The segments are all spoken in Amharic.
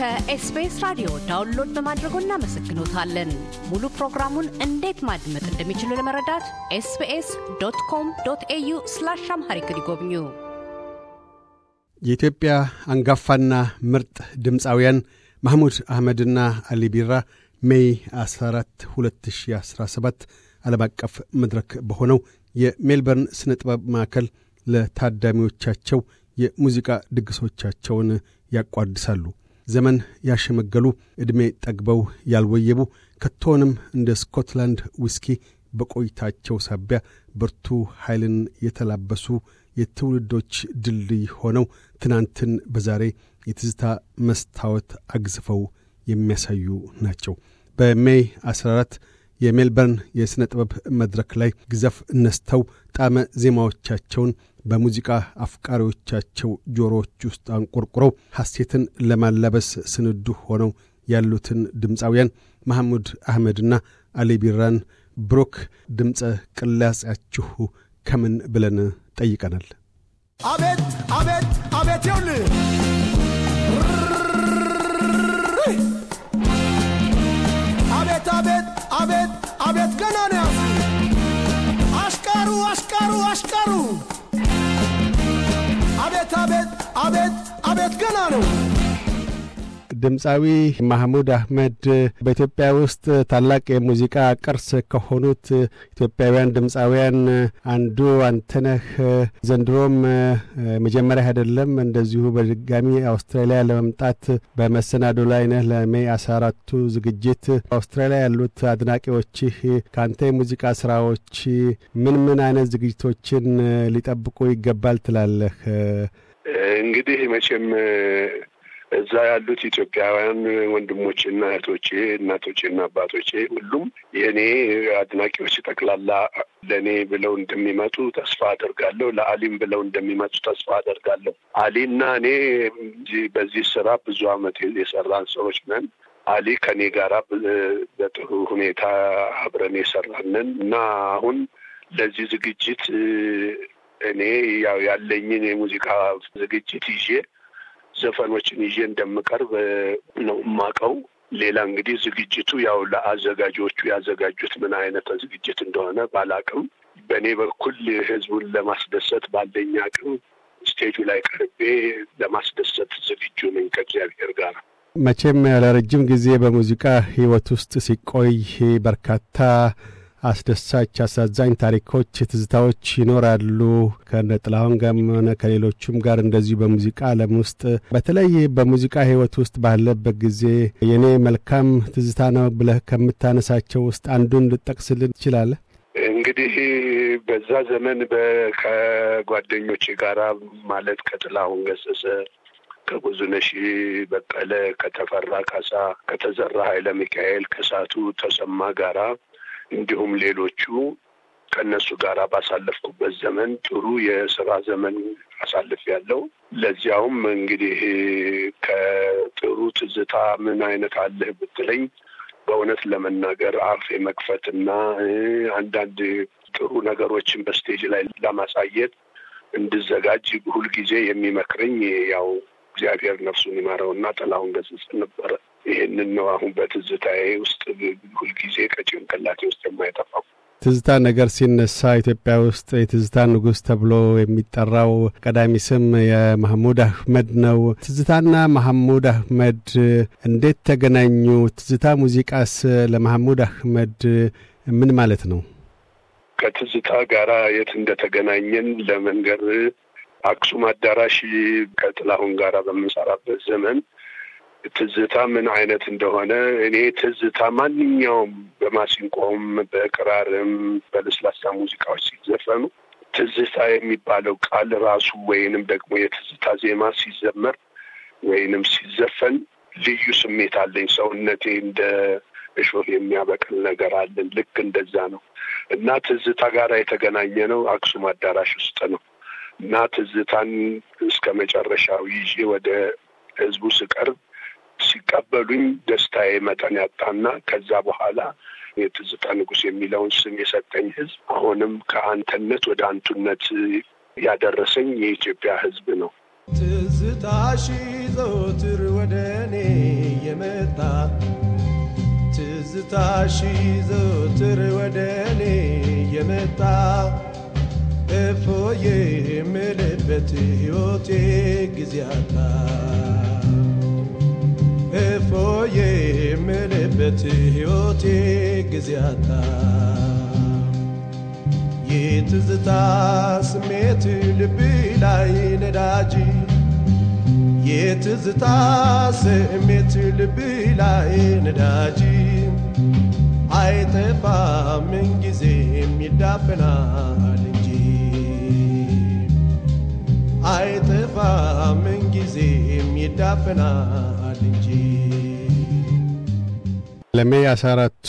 ከኤስቢኤስ ራዲዮ ዳውንሎድ በማድረጎ እናመሰግኖታለን። ሙሉ ፕሮግራሙን እንዴት ማድመጥ እንደሚችሉ ለመረዳት ኤስቢኤስ ዶት ኮም ዶት ኤዩ ስላሽ አምሃሪክ ይጎብኙ። የኢትዮጵያ አንጋፋና ምርጥ ድምፃውያን ማህሙድ አህመድና አሊ ቢራ ሜይ 14 2017 ዓለም አቀፍ መድረክ በሆነው የሜልበርን ስነ ጥበብ ማዕከል ለታዳሚዎቻቸው የሙዚቃ ድግሶቻቸውን ያቋድሳሉ። ዘመን ያሸመገሉ ዕድሜ ጠግበው ያልወየቡ ከቶንም እንደ ስኮትላንድ ዊስኪ በቆይታቸው ሳቢያ ብርቱ ኃይልን የተላበሱ የትውልዶች ድልድይ ሆነው ትናንትን በዛሬ የትዝታ መስታወት አግዝፈው የሚያሳዩ ናቸው። በሜይ 14 የሜልበርን የሥነ ጥበብ መድረክ ላይ ግዘፍ ነስተው ጣመ ዜማዎቻቸውን በሙዚቃ አፍቃሪዎቻቸው ጆሮዎች ውስጥ አንቆርቁረው ሐሴትን ለማላበስ ስንዱ ሆነው ያሉትን ድምፃውያን መሐሙድ አህመድና አሊ ቢራን ብሩክ ድምፀ ቅላጼያችሁ ከምን ብለን ጠይቀናል። አቤት አቤት አቤት ይውል ህይወት ገና ነው። ድምፃዊ ማህሙድ አህመድ በኢትዮጵያ ውስጥ ታላቅ የሙዚቃ ቅርስ ከሆኑት ኢትዮጵያውያን ድምፃውያን አንዱ አንተነህ ዘንድሮም መጀመሪያ አይደለም። እንደዚሁ በድጋሚ አውስትራሊያ ለመምጣት በመሰናዶ ላይ ነህ። ለሜይ አስራ አራቱ ዝግጅት አውስትራሊያ ያሉት አድናቂዎችህ ከአንተ የሙዚቃ ስራዎች ምን ምን አይነት ዝግጅቶችን ሊጠብቁ ይገባል ትላለህ? እንግዲህ መቼም እዛ ያሉት ኢትዮጵያውያን ወንድሞቼና እህቶቼ፣ እናቶቼና አባቶቼ ሁሉም የእኔ አድናቂዎች ጠቅላላ ለእኔ ብለው እንደሚመጡ ተስፋ አደርጋለሁ። ለአሊም ብለው እንደሚመጡ ተስፋ አደርጋለሁ። አሊና እኔ በዚህ ስራ ብዙ ዓመት የሰራን ሰዎች ነን። አሊ ከኔ ጋራ በጥሩ ሁኔታ አብረን የሰራንን እና አሁን ለዚህ ዝግጅት እኔ ያው ያለኝን የሙዚቃ ዝግጅት ይዤ ዘፈኖችን ይዤ እንደምቀርብ ነው የማውቀው። ሌላ እንግዲህ ዝግጅቱ ያው ለአዘጋጆቹ ያዘጋጁት ምን አይነት ዝግጅት እንደሆነ ባላቅም፣ በእኔ በኩል ህዝቡን ለማስደሰት ባለኝ አቅም ስቴጁ ላይ ቀርቤ ለማስደሰት ዝግጁ ነኝ ከእግዚአብሔር ጋር። መቼም ለረጅም ጊዜ በሙዚቃ ህይወት ውስጥ ሲቆይ በርካታ አስደሳች፣ አሳዛኝ ታሪኮች፣ ትዝታዎች ይኖራሉ ከነጥላሁን ጥላሁን ጋርም ሆነ ከሌሎቹም ጋር እንደዚሁ በሙዚቃ ዓለም ውስጥ በተለይ በሙዚቃ ህይወት ውስጥ ባለበት ጊዜ የእኔ መልካም ትዝታ ነው ብለህ ከምታነሳቸው ውስጥ አንዱን ልጠቅስልን ትችላለህ? እንግዲህ በዛ ዘመን ከጓደኞች ጋራ ማለት ከጥላሁን ገሰሰ ከብዙነሽ በቀለ ከተፈራ ካሳ ከተዘራ ኃይለ ሚካኤል ከሳቱ ተሰማ ጋራ እንዲሁም ሌሎቹ ከእነሱ ጋር ባሳለፍኩበት ዘመን ጥሩ የስራ ዘመን አሳልፍ ያለው ለዚያውም እንግዲህ ከጥሩ ትዝታ ምን አይነት አለህ ብትለኝ በእውነት ለመናገር አፍ እና አንዳንድ ጥሩ ነገሮችን በስቴጅ ላይ ለማሳየት እንድዘጋጅ ሁልጊዜ የሚመክረኝ ያው እግዚአብሔር ነፍሱን እና ጥላሁን ገስጽ ነበረ። ይህንን ነው አሁን በትዝታዬ ውስጥ ሁልጊዜ ከጭንቅላቴ ውስጥ የማይጠፋው። ትዝታ ነገር ሲነሳ ኢትዮጵያ ውስጥ የትዝታ ንጉሥ ተብሎ የሚጠራው ቀዳሚ ስም የማህሙድ አህመድ ነው። ትዝታና ማህሙድ አህመድ እንዴት ተገናኙ? ትዝታ ሙዚቃስ ለማህሙድ አህመድ ምን ማለት ነው? ከትዝታ ጋራ የት እንደተገናኘን ለመንገር አክሱም አዳራሽ ከጥላሁን ጋራ በምንሰራበት ዘመን ትዝታ ምን አይነት እንደሆነ እኔ ትዝታ ማንኛውም በማሲንቆም በቅራርም በለስላሳ ሙዚቃዎች ሲዘፈኑ ትዝታ የሚባለው ቃል ራሱ ወይንም ደግሞ የትዝታ ዜማ ሲዘመር ወይንም ሲዘፈን ልዩ ስሜት አለኝ። ሰውነቴ እንደ እሾህ የሚያበቅል ነገር አለን። ልክ እንደዛ ነው እና ትዝታ ጋር የተገናኘ ነው አክሱም አዳራሽ ውስጥ ነው እና ትዝታን እስከ መጨረሻው ይዤ ወደ ህዝቡ ስቀርብ ሲቀበሉኝ ደስታዬ መጠን ያጣና ከዛ በኋላ የትዝታ ንጉስ የሚለውን ስም የሰጠኝ ህዝብ አሁንም ከአንተነት ወደ አንቱነት ያደረሰኝ የኢትዮጵያ ህዝብ ነው። ትዝታሽ ዘወትር ወደ እኔ የመጣ ትዝታሽ ዘወትር ወደ እኔ የመጣ እፎዬ የምልበት ሕይወቴ ጊዜ አጣ ቤት ሕይወቴ ጊዜያታ የትዝታ ስሜት ልብ ላይ ነዳጅ የትዝታ ስሜት ልብ ላይ ነዳጅ አይጠፋ ምን ጊዜም ይዳፈናል እንጂ አይጠፋ ምን ጊዜም ይዳፈናል እንጂ ለሜ አስራ አራቱ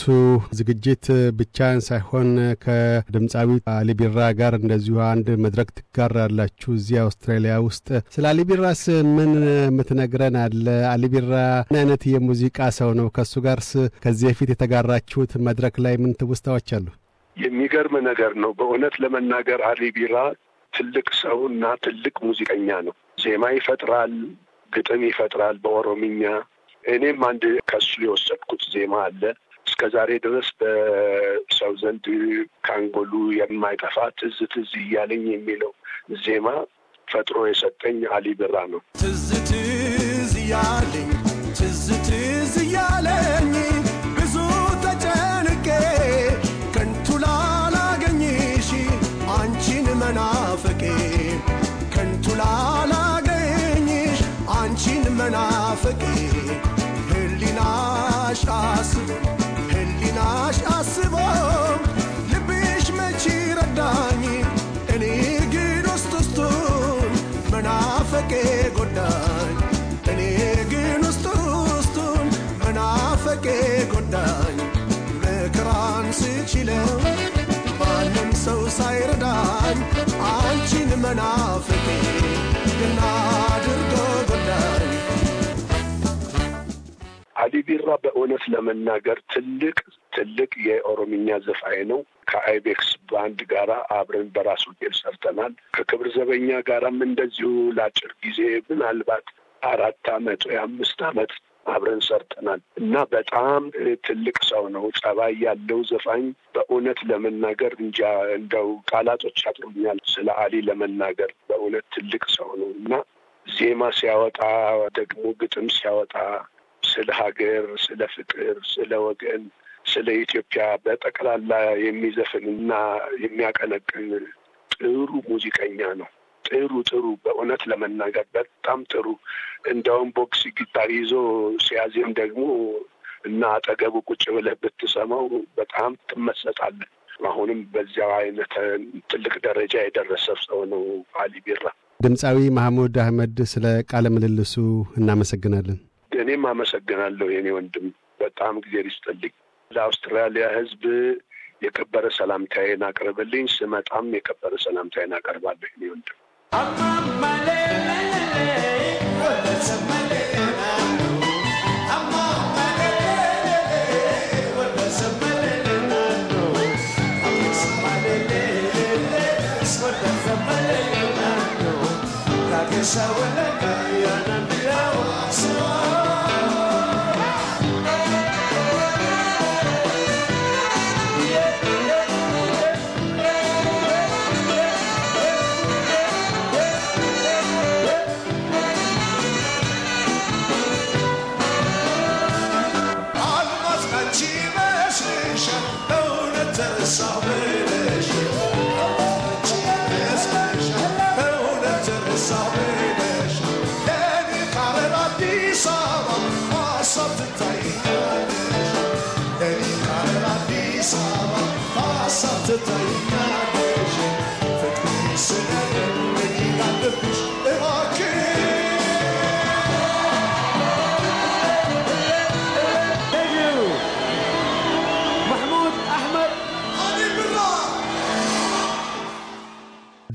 ዝግጅት ብቻን ሳይሆን ከድምፃዊ አሊቢራ ጋር እንደዚሁ አንድ መድረክ ትጋራላችሁ እዚህ አውስትራሊያ ውስጥ። ስለ አሊቢራስ ምን ምትነግረን አለ? አሊቢራ ምን አይነት የሙዚቃ ሰው ነው? ከእሱ ጋርስ ከዚህ በፊት የተጋራችሁት መድረክ ላይ ምን ትውስታዎች አሉ? የሚገርም ነገር ነው። በእውነት ለመናገር አሊቢራ ትልቅ ሰው እና ትልቅ ሙዚቀኛ ነው። ዜማ ይፈጥራል፣ ግጥም ይፈጥራል በኦሮምኛ እኔም አንድ ከሱ የወሰድኩት ዜማ አለ። እስከ ዛሬ ድረስ በሰው ዘንድ ከአንጎሉ የማይጠፋ ትዝ ትዝ እያለኝ የሚለው ዜማ ፈጥሮ የሰጠኝ አሊ ብራ ነው። ትዝ ትዝ እያለኝ ትዝ ትዝ እያለኝ ብዙ ተጨንቄ ከንቱ ላላገኝሽ አንቺን መናፈቄ ከንቱ ላላገኝሽ አንቺን መናፈቄ ሳይረዳኝ አንቺን መናፍቄ ግና ጎዳኝ። አሊ ቢራ በእውነት ለመናገር ትልቅ ትልቅ የኦሮምኛ ዘፋኝ ነው። ከአይቤክስ ባንድ ጋር አብረን በራሱ ጌል ሰርተናል። ከክብር ዘበኛ ጋራም እንደዚሁ ለአጭር ጊዜ ምናልባት አራት አመት ወይ አምስት አመት አብረን ሰርተናል እና በጣም ትልቅ ሰው ነው። ጸባይ ያለው ዘፋኝ በእውነት ለመናገር እንጃ እንደው ቃላቶች አጥሩኛል ስለ አሊ ለመናገር በእውነት ትልቅ ሰው ነው እና ዜማ ሲያወጣ ደግሞ ግጥም ሲያወጣ ስለ ሀገር፣ ስለ ፍቅር፣ ስለ ወገን፣ ስለ ኢትዮጵያ በጠቅላላ የሚዘፍን እና የሚያቀነቅን ጥሩ ሙዚቀኛ ነው። ጥሩ ጥሩ በእውነት ለመናገር በጣም ጥሩ። እንደውም ቦክስ ጊታር ይዞ ሲያዜም ደግሞ እና አጠገቡ ቁጭ ብለህ ብትሰማው በጣም ትመሰጣለህ። አሁንም በዚያው አይነት ትልቅ ደረጃ የደረሰ ሰው ነው አሊ ቢራ። ድምፃዊ ማህሙድ አህመድ ስለ ቃለ ምልልሱ እናመሰግናለን። እኔም አመሰግናለሁ የኔ ወንድም፣ በጣም ጊዜ ይስጥልኝ። ለአውስትራሊያ ህዝብ የከበረ ሰላምታዬን አቅርብልኝ። ስመጣም የከበረ ሰላምታዬን አቀርባለሁ የኔ ወንድም። Yes, I will let go.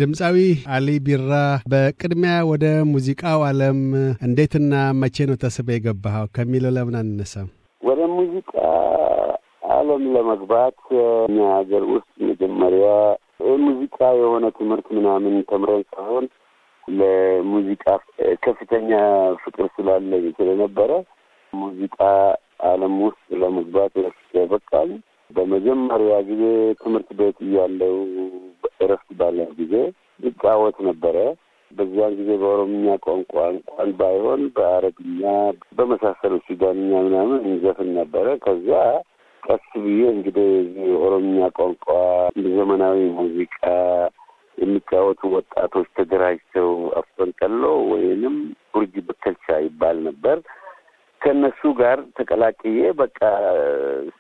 ድምፃዊ አሊ ቢራ፣ በቅድሚያ ወደ ሙዚቃው ዓለም እንዴትና መቼ ነው ተስበ የገባኸው ከሚለው ለምን አንነሳም? ወደ ሙዚቃ ዓለም ለመግባት እኛ ሀገር ውስጥ መጀመሪያ ሙዚቃ የሆነ ትምህርት ምናምን ተምረን ሳይሆን ለሙዚቃ ከፍተኛ ፍቅር ስላለኝ ስለነበረ ሙዚቃ ዓለም ውስጥ ለመግባት ያበቃል። በመጀመሪያ ጊዜ ትምህርት ቤት እያለው እረፍት ባለን ጊዜ ይጫወት ነበረ። በዚያን ጊዜ በኦሮምኛ ቋንቋ እንኳን ባይሆን በአረብኛ በመሳሰሉ ሱዳንኛ ምናምን እንዘፍን ነበረ። ከዚያ ቀስ ብዬ እንግዲህ የኦሮምኛ ቋንቋ ዘመናዊ ሙዚቃ የሚጫወቱ ወጣቶች ተደራጅተው አፈንቀሎ ወይንም ቡርጅ ብከልቻ ይባል ነበር። ከእነሱ ጋር ተቀላቅዬ በቃ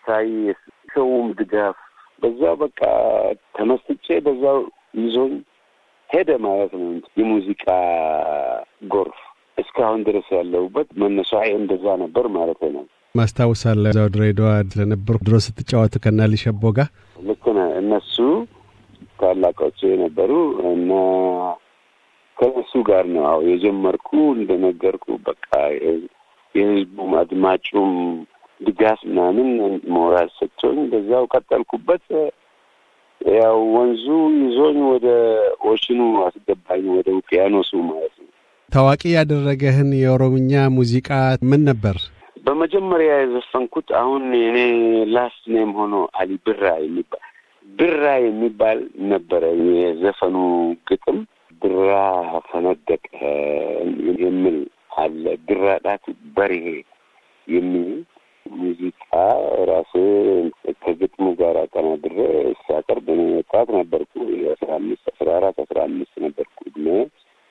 ሳይ ሰውም ድጋፍ በዛው በቃ ተመስጬ በዛው ይዞኝ ሄደ ማለት ነው። የሙዚቃ ጎርፍ እስካሁን ድረስ ያለሁበት መነሻዬ እንደዛ ነበር ማለት ነው። ማስታውሳለሁ ዛው ድሬዳዋ ስለነበርኩ ድሮ ስትጫወቱ ከና ሊሸቦ ጋር ልክ ነህ። እነሱ ታላቆች የነበሩ እና ከነሱ ጋር ነው አሁ የጀመርኩ እንደነገርኩ በቃ የህዝቡም አድማጩም ድጋፍ ምናምን ሞራል ሰጥቶኝ በዛው ቀጠልኩበት። ያው ወንዙ ይዞኝ ወደ ኦሽኑ አስገባኝ፣ ወደ ውቅያኖሱ ማለት ነው። ታዋቂ ያደረገህን የኦሮምኛ ሙዚቃ ምን ነበር? በመጀመሪያ የዘፈንኩት አሁን እኔ ላስት ኔም ሆኖ አሊ ብራ የሚባል ብራ የሚባል ነበረ የዘፈኑ ግጥም። ብራ ፈነደቀ የሚል አለ። ብራ ዳት በርሄ የሚል ሙዚቃ ራሴ ከግጥሙ ጋር አቀናድሬ ሳቀርብ ወጣት ነበርኩ። የአስራ አምስት አስራ አራት አስራ አምስት ነበርኩ እድሜ።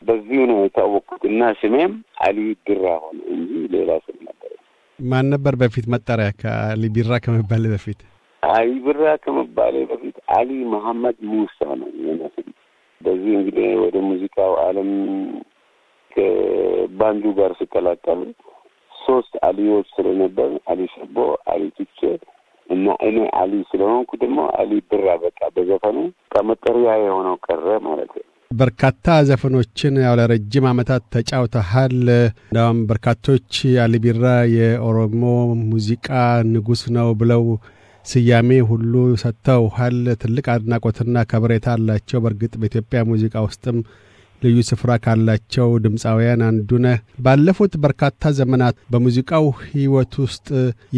በዚሁ ነው የታወቅኩት እና ስሜም አሊ ቢራ ሆነ እንጂ ሌላ ስም ነበር። ማን ነበር በፊት መጠሪያ? ከአሊ ቢራ ከመባል በፊት አሊ ቢራ ከመባል በፊት አሊ መሐመድ ሙሳ ነው ይመስል። በዚህ እንግዲህ ወደ ሙዚቃው አለም ከባንዱ ጋር ስቀላቀሉ ሶስት አሊዎች ስለነበር አሊ ሸቦ፣ አሊ ትቼ እና እኔ አሊ ስለሆንኩ ደግሞ አሊ ብራ በቃ በዘፈኑ ከመጠሪያ የሆነው ቀረ ማለት ነው። በርካታ ዘፈኖችን ያው ለረጅም ዓመታት ተጫውተሃል። እንዳውም በርካቶች አሊ ቢራ የኦሮሞ ሙዚቃ ንጉሥ ነው ብለው ስያሜ ሁሉ ሰጥተውሃል። ትልቅ አድናቆትና ከበሬታ አላቸው። በእርግጥ በኢትዮጵያ ሙዚቃ ውስጥም ልዩ ስፍራ ካላቸው ድምፃውያን አንዱ ነህ። ባለፉት በርካታ ዘመናት በሙዚቃው ህይወት ውስጥ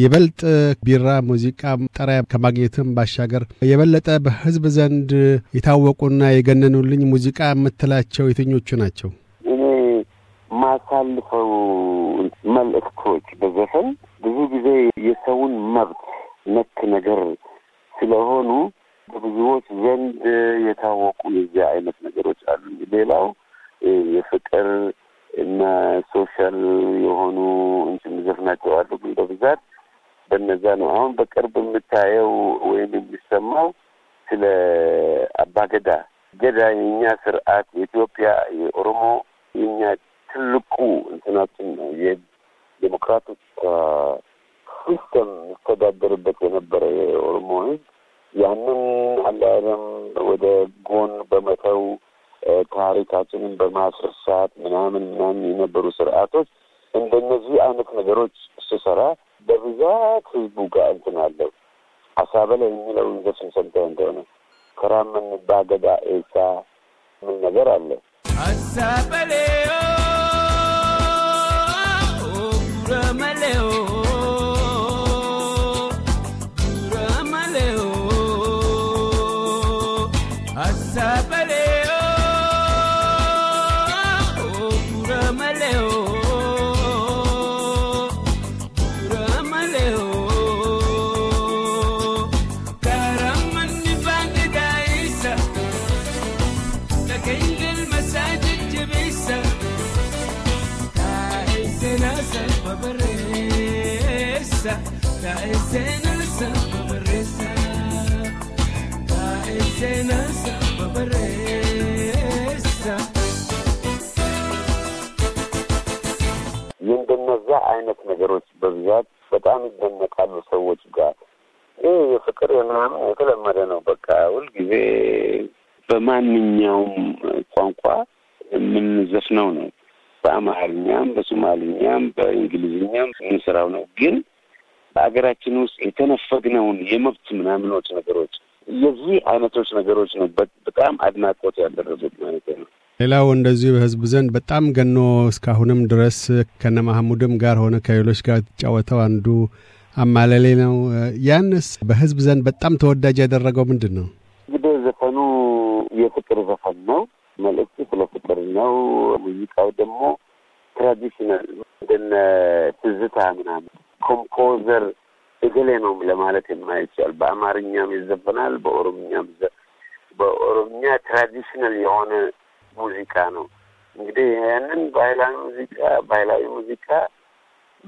ይበልጥ ቢራ ሙዚቃ መጠሪያ ከማግኘትም ባሻገር የበለጠ በህዝብ ዘንድ የታወቁና የገነኑልኝ ሙዚቃ የምትላቸው የትኞቹ ናቸው? እኔ ማሳልፈው መልእክቶች በዘፈን ብዙ ጊዜ የሰውን መብት ነክ ነገር ስለሆኑ በብዙዎች ዘንድ የታወቁ የዚህ አይነት ነገሮች አሉ። ሌላው የፍቅር እና ሶሻል የሆኑ እንዘፍናቸው አሉ፣ ግን በብዛት በነዛ ነው። አሁን በቅርብ የምታየው ወይም የሚሰማው ስለ አባገዳ ገዳ የእኛ ስርዓት የኢትዮጵያ የኦሮሞ የኛ ትልቁ እንትናችን ነው። የዴሞክራቲክ ሲስተም ይተዳደርበት የነበረ የኦሮሞ ህዝብ ያንን አለያለም ወደ ጎን በመተው ታሪካችንን በማስርሳት ምናምን ምናምን የነበሩ ስርዓቶች እንደነዚህ አይነት ነገሮች ስሰራ በብዛት ህዝቡ ጋር እንትን አለው። በላይ የሚለው ዘፈን ሰምተህ እንደሆነ ከራምን ባገዳ ኤሳ ምን ነገር አለ አሳ አሳበሌ La የእንደነዛ አይነት ነገሮች በብዛት በጣም ይደነቃሉ ሰዎች ጋር። ይህ የፍቅር ምናምን የተለመደ ነው። በቃ ሁልጊዜ በማንኛውም ቋንቋ የምንዘፍነው ነው። በአማርኛም፣ በሶማሊኛም፣ በእንግሊዝኛም የምንሰራው ነው ግን በሀገራችን ውስጥ የተነፈግነውን የመብት ምናምኖች ነገሮች የዚህ አይነቶች ነገሮች ነው በጣም አድናቆት ያደረሱት ማለት ነው። ሌላው እንደዚሁ በህዝብ ዘንድ በጣም ገኖ እስካሁንም ድረስ ከነ ማህሙድም ጋር ሆነ ከሌሎች ጋር ተጫወተው አንዱ አማለሌ ነው። ያንስ በህዝብ ዘንድ በጣም ተወዳጅ ያደረገው ምንድን ነው? እንግዲህ ዘፈኑ የፍቅር ዘፈን ነው። መልእክቱ ስለ ፍቅር ነው። ሙዚቃው ደግሞ ትራዲሽናል እንደነ ትዝታ ምናምን ኮምፖዘር እገሌ ነው ለማለት የማይቻል በአማርኛም ይዘፈናል፣ በኦሮምኛም በኦሮምኛ ትራዲሽናል የሆነ ሙዚቃ ነው። እንግዲህ ያንን ባህላዊ ሙዚቃ ባህላዊ ሙዚቃ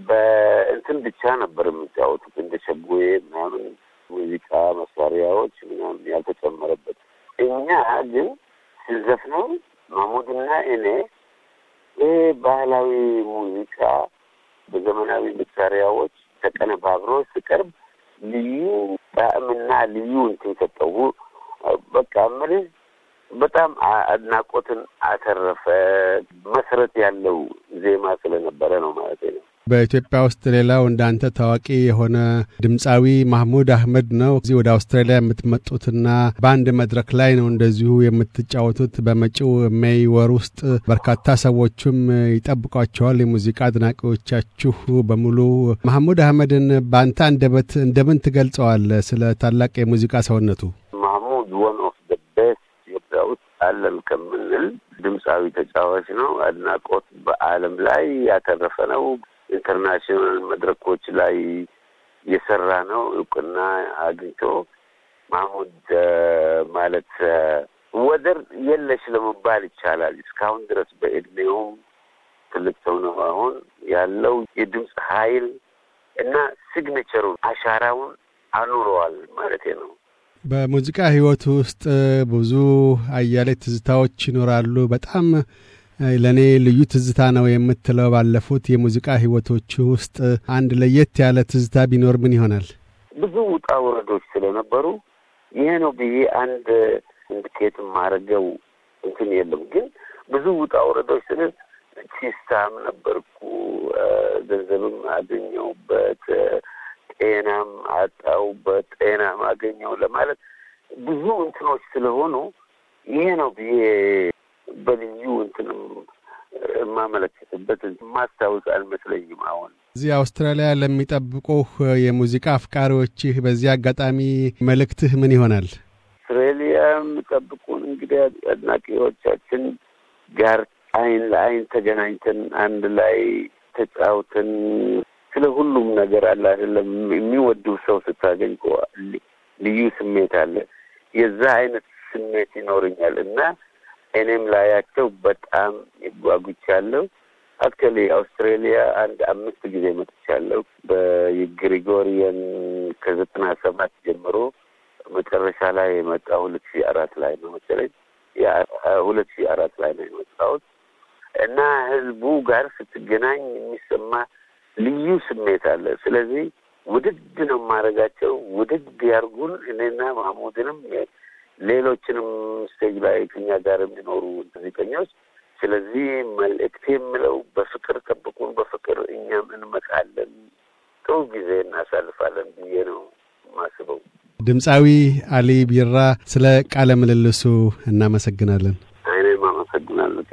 በእንትን ብቻ ነበር የሚጫወቱት እንደ ሸጉዬ ምናምን ሙዚቃ መሳሪያዎች ምናምን ያልተጨመረበት። እኛ ግን ስንዘፍነው ማሙድና እኔ ይህ ባህላዊ ሙዚቃ በዘመናዊ መሳሪያዎች ተቀነባብሮ ሲቀርብ ልዩ ጣዕምና ልዩ እንትን ሰጠው። በቃ ምልህ በጣም አድናቆትን አተረፈ። መሰረት ያለው ዜማ ስለነበረ ነው ማለት ነው። በኢትዮጵያ ውስጥ ሌላው እንዳንተ ታዋቂ የሆነ ድምፃዊ ማህሙድ አህመድ ነው። እዚህ ወደ አውስትራሊያ የምትመጡትና በአንድ መድረክ ላይ ነው እንደዚሁ የምትጫወቱት። በመጪው ሜይ ወር ውስጥ በርካታ ሰዎችም ይጠብቋቸዋል፣ የሙዚቃ አድናቂዎቻችሁ በሙሉ። ማህሙድ አህመድን በአንተ አንደበት እንደምን ትገልጸዋል? ስለ ታላቅ የሙዚቃ ሰውነቱ ማህሙድ ወን ኦፍ ደ ቤስት ኢትዮጵያ ውስጥ አለን ከምንል ድምፃዊ ተጫዋች ነው። አድናቆት በዓለም ላይ ያተረፈ ነው። ኢንተርናሽናል መድረኮች ላይ የሰራ ነው እውቅና አግኝቶ ማህሙድ ማለት ወደር የለሽ ለመባል ይቻላል። እስካሁን ድረስ በእድሜውም ትልቅ ሰው ነው። አሁን ያለው የድምፅ ኃይል እና ሲግኔቸሩን አሻራውን አኑረዋል ማለት ነው። በሙዚቃ ህይወት ውስጥ ብዙ አያሌ ትዝታዎች ይኖራሉ። በጣም ለእኔ ልዩ ትዝታ ነው የምትለው ባለፉት የሙዚቃ ህይወቶች ውስጥ አንድ ለየት ያለ ትዝታ ቢኖር ምን ይሆናል? ብዙ ውጣ ውረዶች ስለነበሩ ይሄ ነው ብዬ አንድ እንድኬት ማድረገው እንትን የለም። ግን ብዙ ውጣ ውረዶች ስለ ቺስታም ነበርኩ፣ ገንዘብም አገኘውበት፣ ጤናም አጣውበት፣ ጤናም አገኘው ለማለት ብዙ እንትኖች ስለሆኑ ይሄ ነው ብዬ በልዩ እንትንም የማመለከትበት ማስታወስ አልመስለኝም። አሁን እዚህ አውስትራሊያ ለሚጠብቁህ የሙዚቃ አፍቃሪዎችህ በዚህ አጋጣሚ መልእክትህ ምን ይሆናል? አውስትራሊያ የሚጠብቁን እንግዲህ አድናቂዎቻችን ጋር አይን ለአይን ተገናኝተን አንድ ላይ ተጫውተን ስለ ሁሉም ነገር አለ አይደለም። የሚወዱ ሰው ስታገኝ ልዩ ስሜት አለ። የዛ አይነት ስሜት ይኖረኛል እና እኔም ላያቸው በጣም ይጓጉቻለሁ። አክቹዋሊ አውስትሬሊያ አንድ አምስት ጊዜ መጥቻለሁ። በግሪጎሪየን ከዘጠና ሰባት ጀምሮ መጨረሻ ላይ የመጣ ሁለት ሺ አራት ላይ ነው መሰለኝ ሁለት ሺ አራት ላይ ነው የመጣሁት እና ህዝቡ ጋር ስትገናኝ የሚሰማ ልዩ ስሜት አለ። ስለዚህ ውድድ ነው የማደርጋቸው። ውድድ ያርጉን እኔና ማህሙድንም ሌሎችንም ስቴጅ ላይ ከኛ ጋር የሚኖሩ ሙዚቀኞች። ስለዚህ መልእክት የምለው በፍቅር ጠብቁን፣ በፍቅር እኛም እንመጣለን፣ ጥሩ ጊዜ እናሳልፋለን ብዬ ነው ማስበው። ድምፃዊ አሊ ቢራ ስለ ቃለ ምልልሱ እናመሰግናለን። አይኔም አመሰግናለሁ።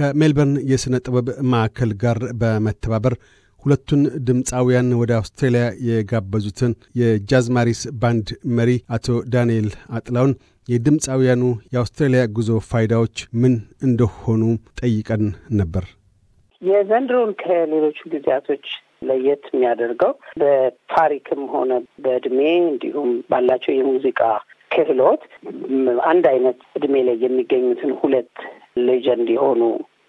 ከሜልበርን የሥነ ጥበብ ማዕከል ጋር በመተባበር ሁለቱን ድምፃውያን ወደ አውስትራሊያ የጋበዙትን የጃዝማሪስ ባንድ መሪ አቶ ዳንኤል አጥላውን የድምፃውያኑ የአውስትራሊያ ጉዞ ፋይዳዎች ምን እንደሆኑ ጠይቀን ነበር። የዘንድሮን ከሌሎቹ ጊዜያቶች ለየት የሚያደርገው በታሪክም ሆነ በእድሜ እንዲሁም ባላቸው የሙዚቃ ክህሎት አንድ አይነት እድሜ ላይ የሚገኙትን ሁለት ሌጀንድ የሆኑ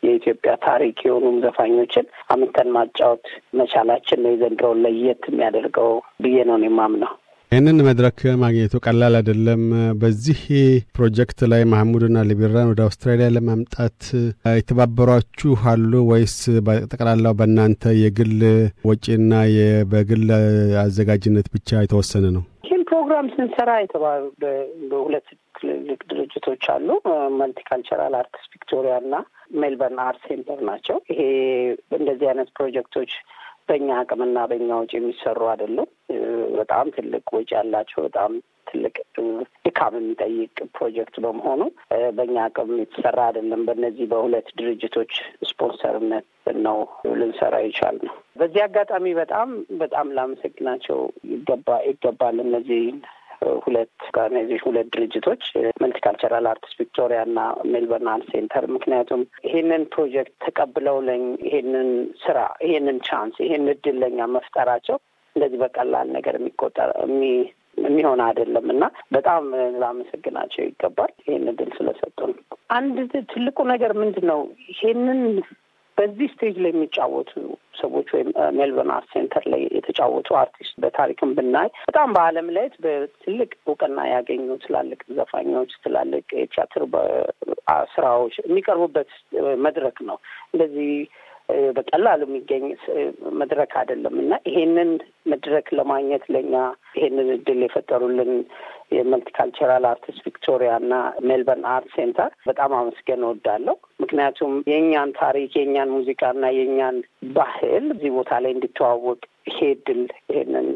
የኢትዮጵያ ታሪክ የሆኑም ዘፋኞችን አምንተን ማጫወት መቻላችን ነው የዘንድሮውን ለየት የሚያደርገው ብዬ ነው የማምነው። ይህንን መድረክ ማግኘቱ ቀላል አይደለም። በዚህ ፕሮጀክት ላይ ማህሙድና ሊቢራን ወደ አውስትራሊያ ለማምጣት የተባበሯችሁ አሉ ወይስ በጠቅላላው በእናንተ የግል ወጪና በግል አዘጋጅነት ብቻ የተወሰነ ነው? ይህን ፕሮግራም ስንሰራ በሁለት ትልልቅ ድርጅቶች አሉ። መልቲካልቸራል አርትስ ቪክቶሪያ እና ሜልበርን አርት ሴንተር ናቸው። ይሄ እንደዚህ አይነት ፕሮጀክቶች በእኛ አቅምና በእኛ ወጪ የሚሰሩ አይደሉም። በጣም ትልቅ ወጪ ያላቸው በጣም ትልቅ ድካም የሚጠይቅ ፕሮጀክት በመሆኑ በእኛ አቅም የተሰራ አይደለም። በእነዚህ በሁለት ድርጅቶች ስፖንሰርነት ነው ልንሰራ ይቻል ነው። በዚህ አጋጣሚ በጣም በጣም ላመሰግናቸው ይገባ ይገባል እነዚህ ሁለት ኦርጋናይዜሽን ሁለት ድርጅቶች መልቲካልቸራል አርትስ ቪክቶሪያ እና ሜልበርን አርት ሴንተር ምክንያቱም ይሄንን ፕሮጀክት ተቀብለውለኝ ይሄንን ስራ ይሄንን ቻንስ ይሄን እድል ለኛ መፍጠራቸው እንደዚህ በቀላል ነገር የሚቆጠር የሚሆን አይደለም እና በጣም ላመሰግናቸው ይገባል ይሄን እድል ስለሰጡን። አንድ ትልቁ ነገር ምንድን ነው ይሄንን በዚህ ስቴጅ ላይ የሚጫወቱ ሰዎች ወይም ሜልበርን አርት ሴንተር ላይ የተጫወቱ አርቲስት በታሪክም ብናይ በጣም በዓለም ላይ በትልቅ እውቅና ያገኙ ትላልቅ ዘፋኞች፣ ትላልቅ የቲያትር ስራዎች የሚቀርቡበት መድረክ ነው። እንደዚህ በቀላሉ የሚገኝ መድረክ አይደለም እና ይሄንን መድረክ ለማግኘት ለእኛ ይሄንን እድል የፈጠሩልን የመልቲካልቸራል አርቲስት ቪክቶሪያ እና ሜልበርን አርት ሴንተር በጣም አመስገን እወዳለሁ። ምክንያቱም የእኛን ታሪክ የእኛን ሙዚቃና የእኛን ባህል እዚህ ቦታ ላይ እንድተዋወቅ ይሄ እድል ይሄንን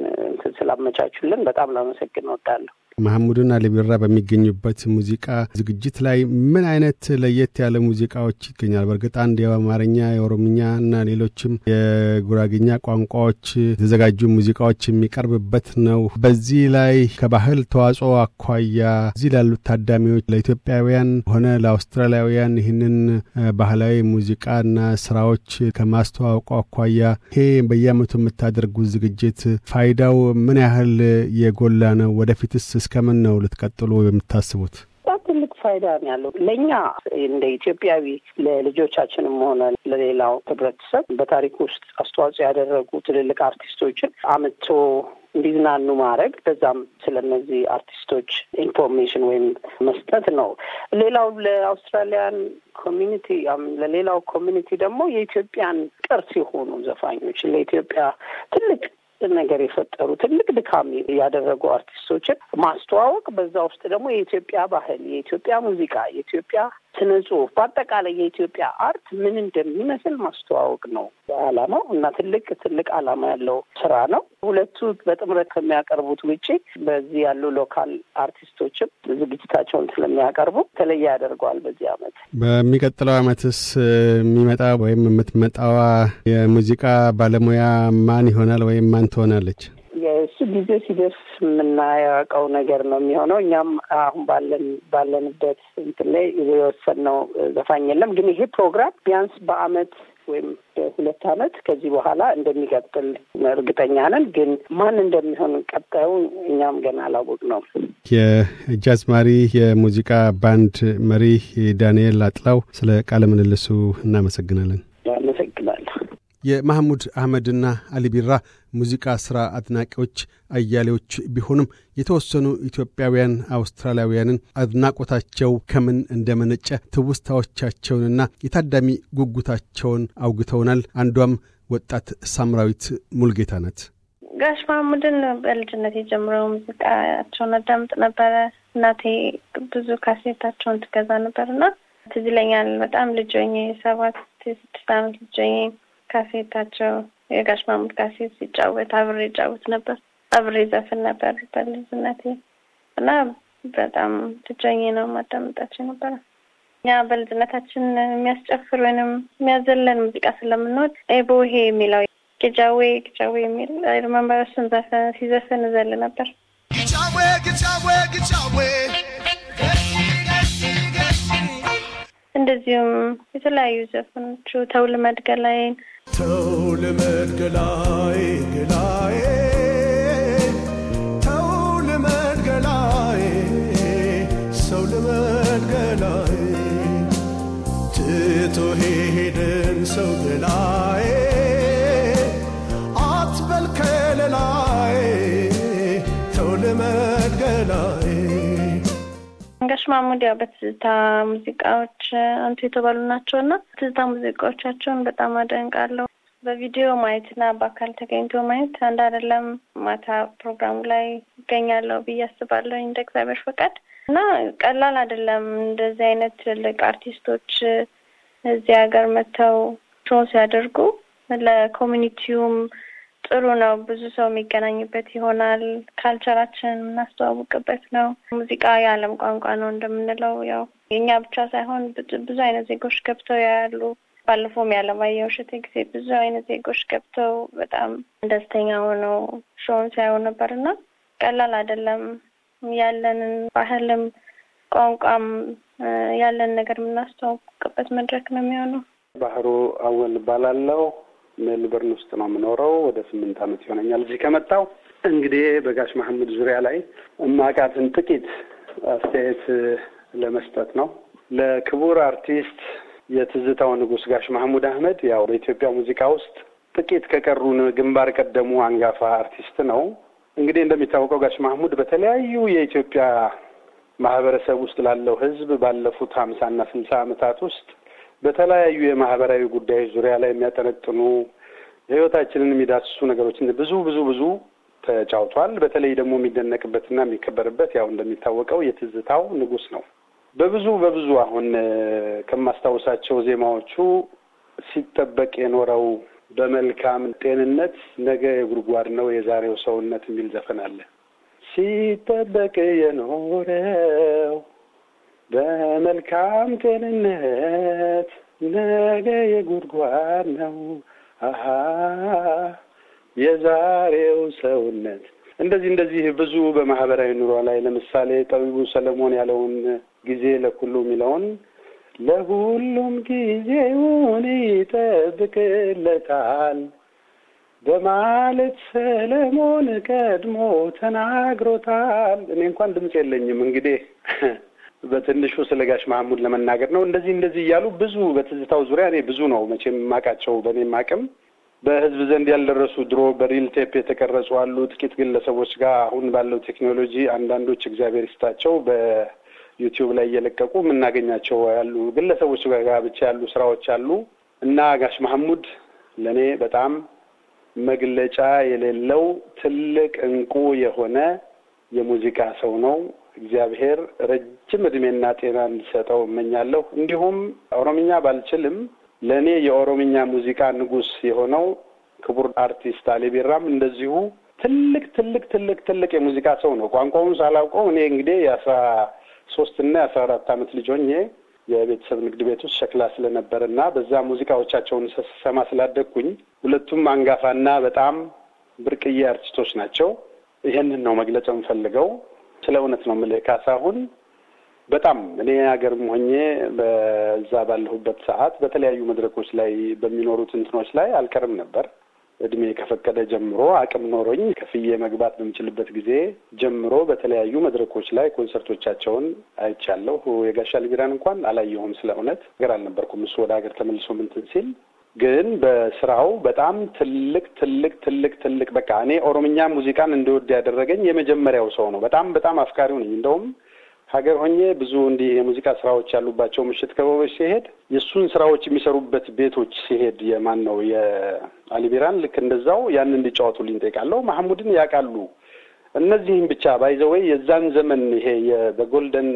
ስላመቻቹልን በጣም ላመሰግን እወዳለሁ። መሐሙድና አሊቢራ በሚገኙበት ሙዚቃ ዝግጅት ላይ ምን አይነት ለየት ያለ ሙዚቃዎች ይገኛል? በእርግጥ አንድ የአማርኛ የኦሮምኛ እና ሌሎችም የጉራግኛ ቋንቋዎች የተዘጋጁ ሙዚቃዎች የሚቀርብበት ነው። በዚህ ላይ ከባህል ተዋጽኦ አኳያ እዚህ ላሉት ታዳሚዎች ለኢትዮጵያውያን ሆነ ለአውስትራሊያውያን ይህንን ባህላዊ ሙዚቃና ስራዎች ከማስተዋወቁ አኳያ ይሄ በየዓመቱ የምታደርጉት ዝግጅት ፋይዳው ምን ያህል የጎላ ነው? ወደፊትስ እስከምን ነው ልትቀጥሉ የምታስቡት? ትልቅ ፋይዳ ነው ያለው ለእኛ እንደ ኢትዮጵያዊ ለልጆቻችንም ሆነ ለሌላው ህብረተሰብ በታሪክ ውስጥ አስተዋጽኦ ያደረጉ ትልልቅ አርቲስቶችን አምጥቶ እንዲዝናኑ ማድረግ በዛም ስለነዚህ አርቲስቶች ኢንፎርሜሽን ወይም መስጠት ነው። ሌላው ለአውስትራሊያን ኮሚኒቲ ለሌላው ኮሚኒቲ ደግሞ የኢትዮጵያን ቅርስ የሆኑ ዘፋኞች ለኢትዮጵያ ትልቅ ውስጥ ነገር የፈጠሩ ትልቅ ድካም ያደረጉ አርቲስቶችን ማስተዋወቅ፣ በዛ ውስጥ ደግሞ የኢትዮጵያ ባህል፣ የኢትዮጵያ ሙዚቃ፣ የኢትዮጵያ ስነ ጽሁፍ፣ በአጠቃላይ የኢትዮጵያ አርት ምን እንደሚመስል ማስተዋወቅ ነው አላማው እና ትልቅ ትልቅ አላማ ያለው ስራ ነው። ሁለቱ በጥምረት ከሚያቀርቡት ውጪ በዚህ ያሉ ሎካል አርቲስቶችም ዝግጅታቸውን ስለሚያቀርቡ የተለየ ያደርገዋል። በዚህ አመት በሚቀጥለው አመትስ የሚመጣ ወይም የምትመጣዋ የሙዚቃ ባለሙያ ማን ይሆናል ወይም ማን ትሆናለች? ጊዜ ሲደርስ የምናውቀው ነገር ነው የሚሆነው። እኛም አሁን ባለን ባለንበት እንትን ላይ የወሰንነው ዘፋኝ የለም፣ ግን ይሄ ፕሮግራም ቢያንስ በአመት ወይም በሁለት አመት ከዚህ በኋላ እንደሚቀጥል እርግጠኛ ነን። ግን ማን እንደሚሆን ቀጣዩ እኛም ገና አላወቅ ነው። የጃዝማሪ የሙዚቃ ባንድ መሪ ዳንኤል አጥላው፣ ስለ ቃለ ምልልሱ እናመሰግናለን። የማህሙድ አህመድና አሊቢራ ሙዚቃ ሥራ አድናቂዎች አያሌዎች ቢሆኑም የተወሰኑ ኢትዮጵያውያን አውስትራሊያውያንን አድናቆታቸው ከምን እንደመነጨ ትውስታዎቻቸውንና የታዳሚ ጉጉታቸውን አውግተውናል። አንዷም ወጣት ሳምራዊት ሙልጌታ ናት። ጋሽ ማህሙድን በልጅነት የጀምረው ሙዚቃቸውን አዳምጥ ነበረ። እናቴ ብዙ ካሴታቸውን ትገዛ ነበርና ትዝ ይለኛል። በጣም ልጆኝ ሰባት ስድስት ዓመት ካሴታቸው የጋሽ ማሙድ ካሴት ሲጫወት አብሬ ይጫወት ነበር፣ አብሬ ዘፍን ነበር በልጅነቴ እና በጣም ትጃኝ ነው ማዳመጣቸው ነበረ። እኛ በልጅነታችን የሚያስጨፍር ወይንም የሚያዘለን ሙዚቃ ስለምንወድ ቦሄ የሚለው ቅጫዌ ቅጫዌ የሚል ሪመንበር ሲዘፍን ዘል ነበር። እንደዚሁም የተለያዩ ዘፈኖቹ ተውል መድገላይን ተው ልመድ ገላይ ገላይ ተው ልመድ ገላይ ሰው ልመድ ገላይ ትቶ ሄደን ሰው ገላይ ሌሎች ማሙድ ያው በትዝታ ሙዚቃዎች አንቱ የተባሉ ናቸው እና ትዝታ ሙዚቃዎቻቸውን በጣም አደንቃለሁ። በቪዲዮ ማየትና በአካል ተገኝቶ ማየት አንድ አይደለም። ማታ ፕሮግራሙ ላይ ይገኛለሁ ብዬ አስባለሁ እንደ እግዚአብሔር ፈቃድ እና ቀላል አይደለም። እንደዚህ አይነት ትልልቅ አርቲስቶች እዚህ ሀገር መጥተው ሾ ሲያደርጉ ለኮሚኒቲውም ጥሩ ነው። ብዙ ሰው የሚገናኝበት ይሆናል። ካልቸራችን የምናስተዋውቅበት ነው። ሙዚቃ የዓለም ቋንቋ ነው እንደምንለው ያው የእኛ ብቻ ሳይሆን ብዙ አይነት ዜጎች ገብተው ያያሉ። ባለፈውም ያለማየሁ እሸቴ ጊዜ ብዙ አይነት ዜጎች ገብተው በጣም ደስተኛ ሆነው ሾውን ሲያዩ እና ቀላል አይደለም። ያለንን ባህልም ቋንቋም ያለን ነገር የምናስተዋውቅበት መድረክ ነው የሚሆነው። ባህሩ አወል እባላለሁ። ሜልበርን ውስጥ ነው የምኖረው። ወደ ስምንት ዓመት ይሆነኛል እዚህ ከመጣው። እንግዲህ በጋሽ መሐመድ ዙሪያ ላይ እማቃትን ጥቂት አስተያየት ለመስጠት ነው። ለክቡር አርቲስት የትዝታው ንጉስ ጋሽ ማህሙድ አህመድ ያው በኢትዮጵያ ሙዚቃ ውስጥ ጥቂት ከቀሩ ግንባር ቀደሙ አንጋፋ አርቲስት ነው። እንግዲህ እንደሚታወቀው ጋሽ ማህሙድ በተለያዩ የኢትዮጵያ ማህበረሰብ ውስጥ ላለው ህዝብ ባለፉት ሀምሳና ስልሳ ዓመታት ውስጥ በተለያዩ የማህበራዊ ጉዳዮች ዙሪያ ላይ የሚያጠነጥኑ ህይወታችንን የሚዳስሱ ነገሮችን ብዙ ብዙ ብዙ ተጫውቷል። በተለይ ደግሞ የሚደነቅበትና የሚከበርበት ያው እንደሚታወቀው የትዝታው ንጉስ ነው። በብዙ በብዙ አሁን ከማስታውሳቸው ዜማዎቹ ሲጠበቅ የኖረው በመልካም ጤንነት ነገ የጉድጓድ ነው የዛሬው ሰውነት የሚል ዘፈን አለ። ሲጠበቅ የኖረው በመልካም ጤንነት ነገ የጉድጓድ ነው። አሀ የዛሬው ሰውነት እንደዚህ እንደዚህ ብዙ በማህበራዊ ኑሮ ላይ ለምሳሌ ጠቢቡ ሰለሞን ያለውን ጊዜ ለኩሉ የሚለውን ለሁሉም ጊዜውን ይጠብቅለታል በማለት ሰለሞን ቀድሞ ተናግሮታል። እኔ እንኳን ድምፅ የለኝም እንግዲህ በትንሹ ስለ ጋሽ መሐሙድ ለመናገር ነው። እንደዚህ እንደዚህ እያሉ ብዙ በትዝታው ዙሪያ እኔ ብዙ ነው መቼም የማውቃቸው በእኔም አቅም በህዝብ ዘንድ ያልደረሱ ድሮ በሪል ቴፕ የተቀረጹ አሉ። ጥቂት ግለሰቦች ጋር አሁን ባለው ቴክኖሎጂ አንዳንዶች እግዚአብሔር ይስጣቸው በዩቲዩብ ላይ እየለቀቁ የምናገኛቸው ያሉ ግለሰቦች ጋር ብቻ ያሉ ስራዎች አሉ እና ጋሽ መሐሙድ ለእኔ በጣም መግለጫ የሌለው ትልቅ እንቁ የሆነ የሙዚቃ ሰው ነው። እግዚአብሔር ረጅም እድሜና ጤና እንዲሰጠው እመኛለሁ። እንዲሁም ኦሮምኛ ባልችልም ለእኔ የኦሮምኛ ሙዚቃ ንጉስ የሆነው ክቡር አርቲስት አሊ ቢራም እንደዚሁ ትልቅ ትልቅ ትልቅ ትልቅ የሙዚቃ ሰው ነው። ቋንቋውን ሳላውቀው እኔ እንግዲህ የአስራ ሶስትና የአስራ አራት አመት ልጅ ሆኜ የቤተሰብ ንግድ ቤት ውስጥ ሸክላ ስለነበር እና በዛ ሙዚቃዎቻቸውን ስሰማ ስላደግኩኝ ሁለቱም አንጋፋና በጣም ብርቅዬ አርቲስቶች ናቸው። ይህንን ነው መግለጽ የምፈልገው። ስለ እውነት ነው የምልህ ካሳሁን በጣም እኔ ሀገርም ሆኜ በዛ ባለሁበት ሰዓት በተለያዩ መድረኮች ላይ በሚኖሩት እንትኖች ላይ አልቀርም ነበር። እድሜ ከፈቀደ ጀምሮ አቅም ኖሮኝ ከፍዬ መግባት በምችልበት ጊዜ ጀምሮ በተለያዩ መድረኮች ላይ ኮንሰርቶቻቸውን አይቻለሁ። የጋሻ ልቢራን እንኳን አላየሁም። ስለ እውነት ሀገር አልነበርኩም። እሱ ወደ ሀገር ተመልሶ ምንትን ሲል ግን በስራው በጣም ትልቅ ትልቅ ትልቅ ትልቅ በቃ እኔ ኦሮምኛ ሙዚቃን እንድወድ ያደረገኝ የመጀመሪያው ሰው ነው። በጣም በጣም አፍቃሪው ነኝ። እንደውም ሀገር ሆኜ ብዙ እንዲህ የሙዚቃ ስራዎች ያሉባቸው ምሽት ክበቦች ሲሄድ የእሱን ስራዎች የሚሰሩበት ቤቶች ሲሄድ የማን ነው የአሊቢራን ልክ እንደዛው ያን እንዲጫወቱልኝ ጠይቃለሁ። መሐሙድን ያውቃሉ። እነዚህም ብቻ ባይዘወይ የዛን ዘመን ይሄ በጎልደን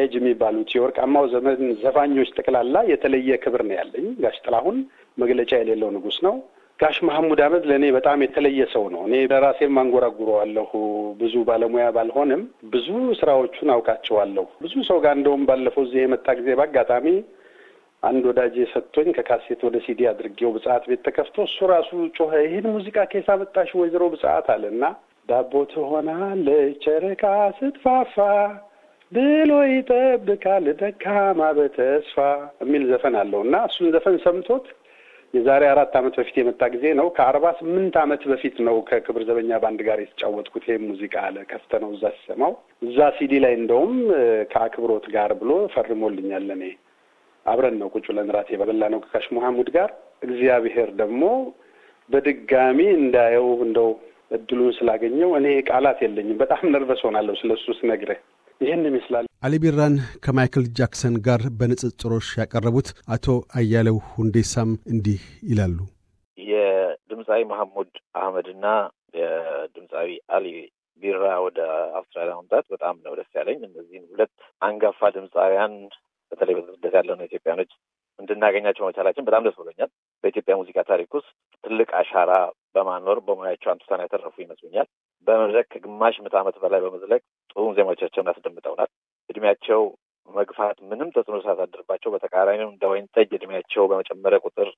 ኤጅ የሚባሉት የወርቃማው ዘመን ዘፋኞች ጠቅላላ የተለየ ክብር ነው ያለኝ። ጋሽ ጥላሁን መግለጫ የሌለው ንጉስ ነው። ጋሽ መሐሙድ አህመድ ለእኔ በጣም የተለየ ሰው ነው። እኔ ለራሴም አንጎራጉረዋለሁ። ብዙ ባለሙያ ባልሆንም ብዙ ስራዎቹን አውቃቸዋለሁ። ብዙ ሰው ጋር እንደውም ባለፈው እዚህ የመጣ ጊዜ በአጋጣሚ አንድ ወዳጅ ሰጥቶኝ ከካሴት ወደ ሲዲ አድርጌው ብጽት ቤት ተከፍቶ እሱ ራሱ ጮኸ፣ ይህን ሙዚቃ ኬሳ መጣሽ ወይዘሮ ብጽት አለ እና ዳቦ ትሆናለች ጨረቃ ስትፋፋ ብሎ ይጠብቃል ደካማ በተስፋ የሚል ዘፈን አለው እና እሱን ዘፈን ሰምቶት የዛሬ አራት ዓመት በፊት የመጣ ጊዜ ነው። ከአርባ ስምንት ዓመት በፊት ነው ከክብር ዘበኛ ባንድ ጋር የተጫወትኩት ይህም ሙዚቃ አለ ከፍተ ነው እዛ ሲሰማው እዛ ሲዲ ላይ እንደውም ከአክብሮት ጋር ብሎ ፈርሞልኛል። እኔ አብረን ነው ቁጭ ብለን ራት በበላ ነው ከካሽ መሐሙድ ጋር እግዚአብሔር ደግሞ በድጋሚ እንዳየው እንደው እድሉን ስላገኘው እኔ ቃላት የለኝም። በጣም ነርቨስ ሆናለሁ ስለ እሱ ስነግርህ ይህን ይመስላል። አሊ ቢራን ከማይክል ጃክሰን ጋር በንጽጽሮች ያቀረቡት አቶ አያሌው ሁንዴሳም እንዲህ ይላሉ። የድምፃዊ መሐሙድ አህመድና የድምፃዊ አሊ ቢራ ወደ አውስትራሊያ መምጣት በጣም ነው ደስ ያለኝ። እነዚህን ሁለት አንጋፋ ድምፃውያን በተለይ በስደት ያለነው ኢትዮጵያኖች እንድናገኛቸው መቻላችን በጣም ደስ ብሎኛል። በኢትዮጵያ ሙዚቃ ታሪክ ውስጥ ትልቅ አሻራ በማኖር በሙያቸው አንቱታን ያተረፉ ይመስሉኛል። በመድረክ ከግማሽ ምዕተ ዓመት በላይ በመዝለቅ ጥሩ ዜማዎቻቸውን አስደምጠውናል። እድሜያቸው መግፋት ምንም ተጽዕኖ ሳያሳድርባቸው በተቃራኒው እንደ ወይን ጠጅ እድሜያቸው በመጨመረ ቁጥር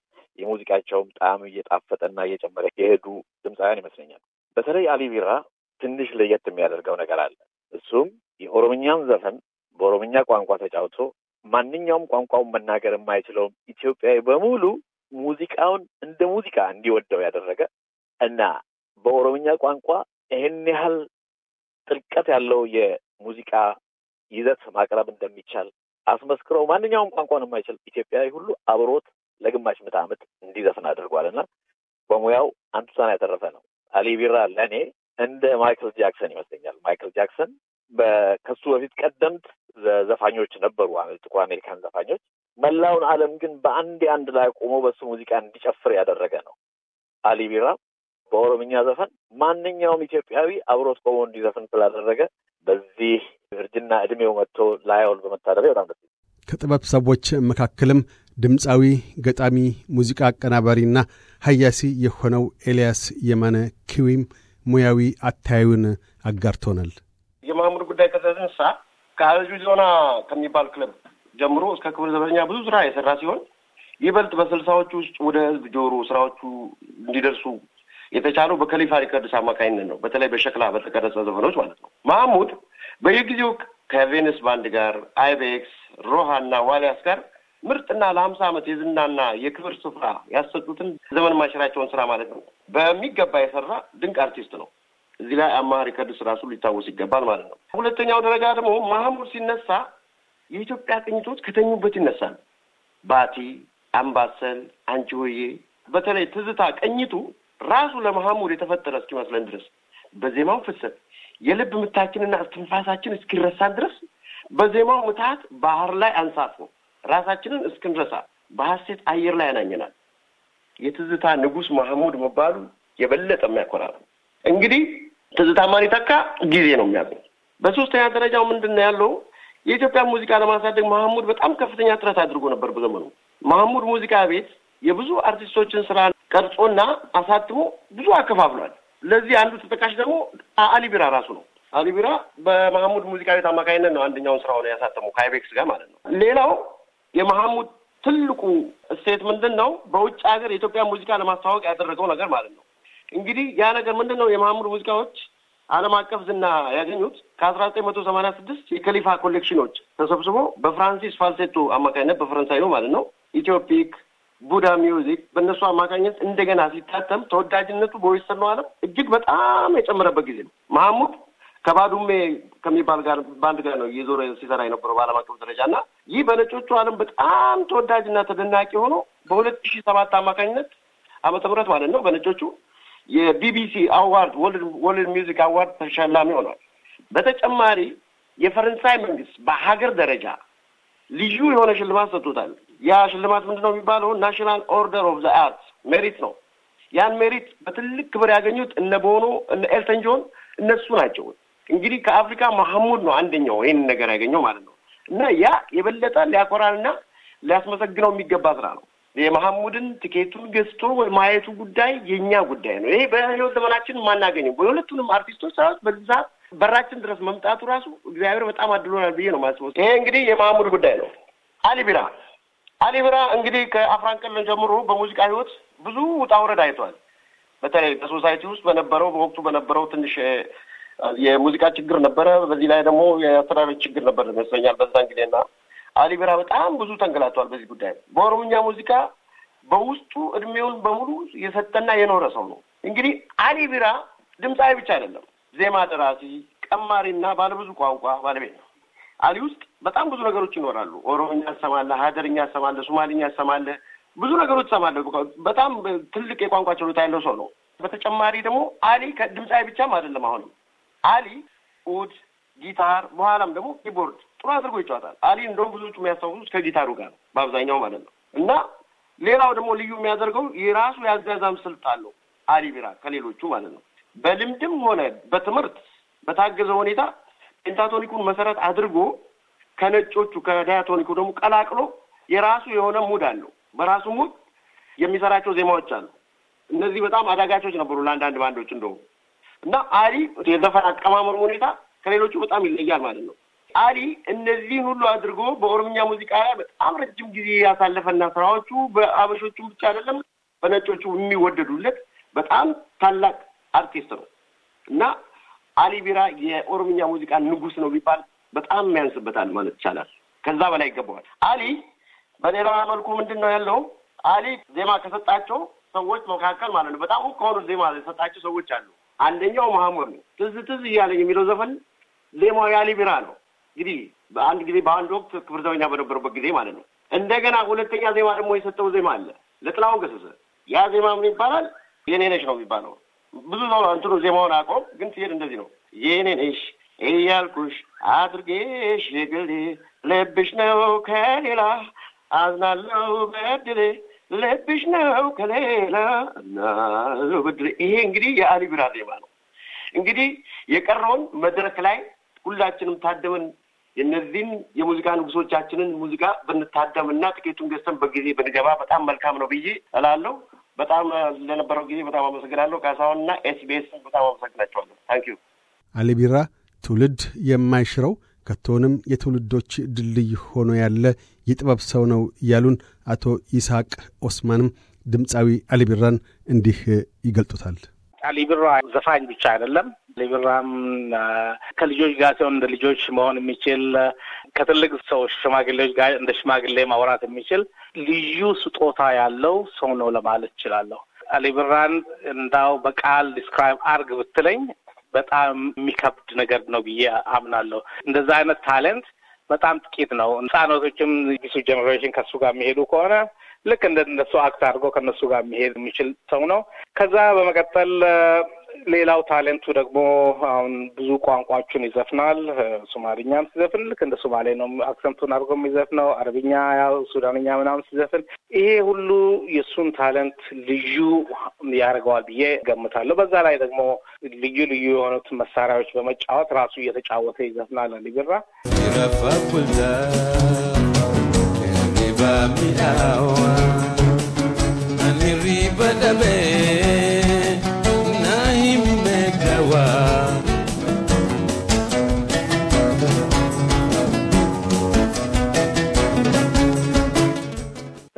የሙዚቃቸውም ጣዕም እየጣፈጠና እየጨመረ የሄዱ ድምፃውያን ይመስለኛል። በተለይ አሊ ቢራ ትንሽ ለየት የሚያደርገው ነገር አለ። እሱም የኦሮምኛን ዘፈን በኦሮምኛ ቋንቋ ተጫውቶ ማንኛውም ቋንቋውን መናገር የማይችለውም ኢትዮጵያዊ በሙሉ ሙዚቃውን እንደ ሙዚቃ እንዲወደው ያደረገ እና በኦሮምኛ ቋንቋ ይህን ያህል ጥልቀት ያለው የሙዚቃ ይዘት ማቅረብ እንደሚቻል አስመስክረው ማንኛውም ቋንቋን የማይችል ኢትዮጵያዊ ሁሉ አብሮት ለግማሽ ምዕተ ዓመት እንዲዘፍን አድርጓል እና በሙያው አንቱሳን ያተረፈ ነው። አሊ ቢራ ለእኔ እንደ ማይክል ጃክሰን ይመስለኛል። ማይክል ጃክሰን ከሱ በፊት ቀደምት ዘፋኞች ነበሩ፣ ጥቁር አሜሪካን ዘፋኞች። መላውን ዓለም ግን በአንድ አንድ ላይ ቆሞ በሱ ሙዚቃ እንዲጨፍር ያደረገ ነው አሊ ቢራ። በኦሮምኛ ዘፈን ማንኛውም ኢትዮጵያዊ አብሮት ቆሞ እንዲዘፍን ስላደረገ በዚህ እርጅና እድሜው መጥቶ ላያውል በመታደረ በጣም ደስ ከጥበብ ሰዎች መካከልም ድምፃዊ፣ ገጣሚ፣ ሙዚቃ አቀናባሪና ሀያሲ የሆነው ኤልያስ የማነ ኪዊም ሙያዊ አታያዩን አጋርቶናል። የማህሙድ ጉዳይ ከተነሳ ከአበጁ ዞና ከሚባል ክለብ ጀምሮ እስከ ክብር ዘበኛ ብዙ ስራ የሰራ ሲሆን ይበልጥ በስልሳዎቹ ውስጥ ወደ ህዝብ ጆሮ ስራዎቹ እንዲደርሱ የተቻለው በከሊፋ ሪከርድስ አማካኝነት ነው። በተለይ በሸክላ በተቀረጸ ዘፈኖች ማለት ነው። ማህሙድ በየጊዜው ከቬነስ ባንድ ጋር፣ አይቤክስ፣ ሮሃ እና ዋሊያስ ጋር ምርጥና ለሀምሳ ዓመት የዝናና የክብር ስፍራ ያሰጡትን ዘመን ማሽራቸውን ስራ ማለት ነው በሚገባ የሰራ ድንቅ አርቲስት ነው። እዚህ ላይ አማሪ ሪከርድስ ራሱ ሊታወስ ይገባል ማለት ነው። ሁለተኛው ደረጃ ደግሞ ማህሙድ ሲነሳ የኢትዮጵያ ቅኝቶች ከተኙበት ይነሳል። ባቲ፣ አምባሰል፣ አንቺ ሆዬ በተለይ ትዝታ ቅኝቱ ራሱ ለመሐሙድ የተፈጠረ እስኪመስለን ድረስ በዜማው ፍሰት የልብ ምታችንና እስትንፋሳችን እስኪረሳን ድረስ በዜማው ምትሀት ባህር ላይ አንሳፎ ራሳችንን እስክንረሳ በሐሴት አየር ላይ ያናኘናል። የትዝታ ንጉሥ መሐሙድ መባሉ የበለጠ የሚያኮራ ነው። እንግዲህ ትዝታ ማን ይተካ ጊዜ ነው የሚያገኝ። በሶስተኛ ደረጃው ምንድን ነው ያለው? የኢትዮጵያ ሙዚቃ ለማሳደግ መሐሙድ በጣም ከፍተኛ ጥረት አድርጎ ነበር። በዘመኑ መሐሙድ ሙዚቃ ቤት የብዙ አርቲስቶችን ስራ ቀርጾና አሳትሞ ብዙ አከፋፍሏል። ለዚህ አንዱ ተጠቃሽ ደግሞ አሊቢራ ራሱ ነው። አሊቢራ ቢራ በመሐሙድ ሙዚቃ ቤት አማካኝነት ነው አንደኛውን ስራ ሆነ ያሳተመው ከአይቤክስ ጋር ማለት ነው። ሌላው የመሐሙድ ትልቁ እሴት ምንድን ነው? በውጭ ሀገር የኢትዮጵያ ሙዚቃ ለማስተዋወቅ ያደረገው ነገር ማለት ነው። እንግዲህ ያ ነገር ምንድን ነው? የመሐሙድ ሙዚቃዎች ዓለም አቀፍ ዝና ያገኙት ከአስራ ዘጠኝ መቶ ሰማንያ ስድስት የከሊፋ ኮሌክሽኖች ተሰብስቦ በፍራንሲስ ፋልሴቶ አማካኝነት በፈረንሳይ ነው ማለት ነው ኢትዮፒክ ቡዳ ሚውዚክ በእነሱ አማካኝነት እንደገና ሲታተም ተወዳጅነቱ በወይስ ነው ዓለም እጅግ በጣም የጨመረበት ጊዜ ነው። መሐሙድ ከባዱሜ ከሚባል ጋር ባንድ ጋር ነው የዞረ ሲሰራ የነበረው በዓለም አቀፍ ደረጃ እና ይህ በነጮቹ ዓለም በጣም ተወዳጅና ተደናቂ ሆኖ በሁለት ሺ ሰባት አማካኝነት ዓመተ ምህረት ማለት ነው በነጮቹ የቢቢሲ አዋርድ ወርልድ ሚውዚክ አዋርድ ተሸላሚ ሆኗል። በተጨማሪ የፈረንሳይ መንግስት በሀገር ደረጃ ልዩ የሆነ ሽልማት ሰጥቶታል። ያ ሽልማት ምንድን ነው የሚባለው? ናሽናል ኦርደር ኦፍ ዘ አርት ሜሪት ነው። ያን ሜሪት በትልቅ ክብር ያገኙት እነ ቦኖ እነ ኤልተን ጆን እነሱ ናቸው። እንግዲህ ከአፍሪካ መሐሙድ ነው አንደኛው ይህን ነገር ያገኘው ማለት ነው። እና ያ የበለጠ ሊያኮራንና ሊያስመሰግነው የሚገባ ስራ ነው። የመሐሙድን ትኬቱን ገዝቶ ማየቱ ጉዳይ የእኛ ጉዳይ ነው። ይሄ በህይወት ዘመናችን የማናገኘው በሁለቱንም አርቲስቶች ስራዎች በዚህ ሰዓት በራችን ድረስ መምጣቱ ራሱ እግዚአብሔር በጣም አድሎናል ብዬ ነው ማስበው። ይሄ እንግዲህ የመሐሙድ ጉዳይ ነው። አሊ ቢራ አሊ ቢራ እንግዲህ ከአፍራን ቀለን ጀምሮ በሙዚቃ ህይወት ብዙ ውጣ ውረድ አይቷል። በተለይ በሶሳይቲ ውስጥ በነበረው በወቅቱ በነበረው ትንሽ የሙዚቃ ችግር ነበረ። በዚህ ላይ ደግሞ የአስተዳደር ችግር ነበር ይመስለኛል በዛን ጊዜና አሊ ብራ በጣም ብዙ ተንገላቷል። በዚህ ጉዳይ በኦሮምኛ ሙዚቃ በውስጡ እድሜውን በሙሉ የሰጠና የኖረ ሰው ነው። እንግዲህ አሊ ቢራ ድምፃዊ ብቻ አይደለም፣ ዜማ ደራሲ፣ ቀማሪና ባለብዙ ቋንቋ ባለቤት ነው። አሊ ውስጥ በጣም ብዙ ነገሮች ይኖራሉ። ኦሮምኛ ሰማለህ፣ ሀደርኛ ሰማለህ፣ ሶማሊኛ ሰማለህ፣ ብዙ ነገሮች ሰማለህ። በጣም ትልቅ የቋንቋ ችሎታ ያለው ሰው ነው። በተጨማሪ ደግሞ አሊ ከድምፃዊ ብቻም አይደለም። አሁን አሊ ኡድ፣ ጊታር በኋላም ደግሞ ኪቦርድ ጥሩ አድርጎ ይጫወታል። አሊ እንደውም ብዙዎቹ የሚያስታውሱት ከጊታሩ ጋር በአብዛኛው ማለት ነው። እና ሌላው ደግሞ ልዩ የሚያደርገው የራሱ የአዛዛም ስልት አለው አሊ ቢራ ከሌሎቹ ማለት ነው። በልምድም ሆነ በትምህርት በታገዘ ሁኔታ ፔንታቶኒኩን መሰረት አድርጎ ከነጮቹ ከዳያቶኒኩ ደግሞ ቀላቅሎ የራሱ የሆነ ሙድ አለው። በራሱ ሙድ የሚሰራቸው ዜማዎች አሉ። እነዚህ በጣም አዳጋቾች ነበሩ ለአንዳንድ ባንዶች እንደውም እና አሊ የዘፈን አቀማመሩ ሁኔታ ከሌሎቹ በጣም ይለያል ማለት ነው። አሊ እነዚህን ሁሉ አድርጎ በኦሮምኛ ሙዚቃ ላይ በጣም ረጅም ጊዜ ያሳለፈና ስራዎቹ በአበሾቹም ብቻ አይደለም በነጮቹ የሚወደዱለት በጣም ታላቅ አርቲስት ነው እና አሊ ቢራ የኦሮምኛ ሙዚቃ ንጉስ ነው ቢባል በጣም ያንስበታል ማለት ይቻላል። ከዛ በላይ ይገባዋል። አሊ በሌላ መልኩ ምንድን ነው ያለው? አሊ ዜማ ከሰጣቸው ሰዎች መካከል ማለት ነው በጣም ውቅ ከሆኑ ዜማ የሰጣቸው ሰዎች አሉ። አንደኛው መሐመድ ነው። ትዝ ትዝ እያለኝ የሚለው ዘፈን ዜማው የአሊ ቢራ ነው። እንግዲህ በአንድ ጊዜ በአንድ ወቅት ክብር ዘበኛ በነበረበት ጊዜ ማለት ነው። እንደገና ሁለተኛ ዜማ ደግሞ የሰጠው ዜማ አለ ለጥላሁን ገሰሰ። ያ ዜማ ምን ይባላል? የኔ ነው የሚባለው ብዙ ሰው አንትኑ ዜማውን አቆም፣ ግን ሲሄድ እንደዚህ ነው የኔ ነሽ እያልኩሽ አድርጌሽ ግሌ ልብሽ ነው ከሌላ አዝናለው በድሌ ልብሽ ነው ከሌላ እናለው በድሌ። ይሄ እንግዲህ የአሊ ቢራ ዜማ ነው። እንግዲህ የቀረውን መድረክ ላይ ሁላችንም ታደምን የእነዚህን የሙዚቃ ንጉሶቻችንን ሙዚቃ ብንታደምና ጥቂቱን ገዝተን በጊዜ ብንገባ በጣም መልካም ነው ብዬ እላለሁ። በጣም ለነበረው ጊዜ በጣም አመሰግናለሁ ካሳሁንና ኤስቢኤስ በጣም አመሰግናቸዋለሁ። ታንኪዩ። አሊ ቢራ ትውልድ የማይሽረው ከቶንም የትውልዶች ድልድይ ሆኖ ያለ የጥበብ ሰው ነው ያሉን አቶ ይስሐቅ ኦስማንም ድምፃዊ አሊቢራን እንዲህ ይገልጡታል። ሊብራ ዘፋኝ ብቻ አይደለም። ሊብራም ከልጆች ጋር ሲሆን እንደ ልጆች መሆን የሚችል ከትልቅ ሰዎች ሽማግሌዎች ጋር እንደ ሽማግሌ ማውራት የሚችል ልዩ ስጦታ ያለው ሰው ነው ለማለት እችላለሁ። አሊብራን እንዳው በቃል ዲስክራይብ አርግ ብትለኝ በጣም የሚከብድ ነገር ነው ብዬ አምናለሁ። እንደዛ አይነት ታሌንት በጣም ጥቂት ነው። ህጻናቶችም ሱ ጀኔሬሽን ከሱ ጋር የሚሄዱ ከሆነ ልክ እንደ እነሱ አክት አድርጎ ከነሱ ጋር የሚሄድ የሚችል ሰው ነው። ከዛ በመቀጠል ሌላው ታሌንቱ ደግሞ አሁን ብዙ ቋንቋዎቹን ይዘፍናል። ሶማሊኛም ሲዘፍን ልክ እንደ ሶማሌ ነው አክሰንቱን አድርጎ የሚዘፍነው። አረብኛ፣ ያው ሱዳንኛ ምናምን ሲዘፍን ይሄ ሁሉ የእሱን ታሌንት ልዩ ያደርገዋል ብዬ ገምታለሁ። በዛ ላይ ደግሞ ልዩ ልዩ የሆኑት መሳሪያዎች በመጫወት ራሱ እየተጫወተ ይዘፍናል። አሊ ቢራ dabe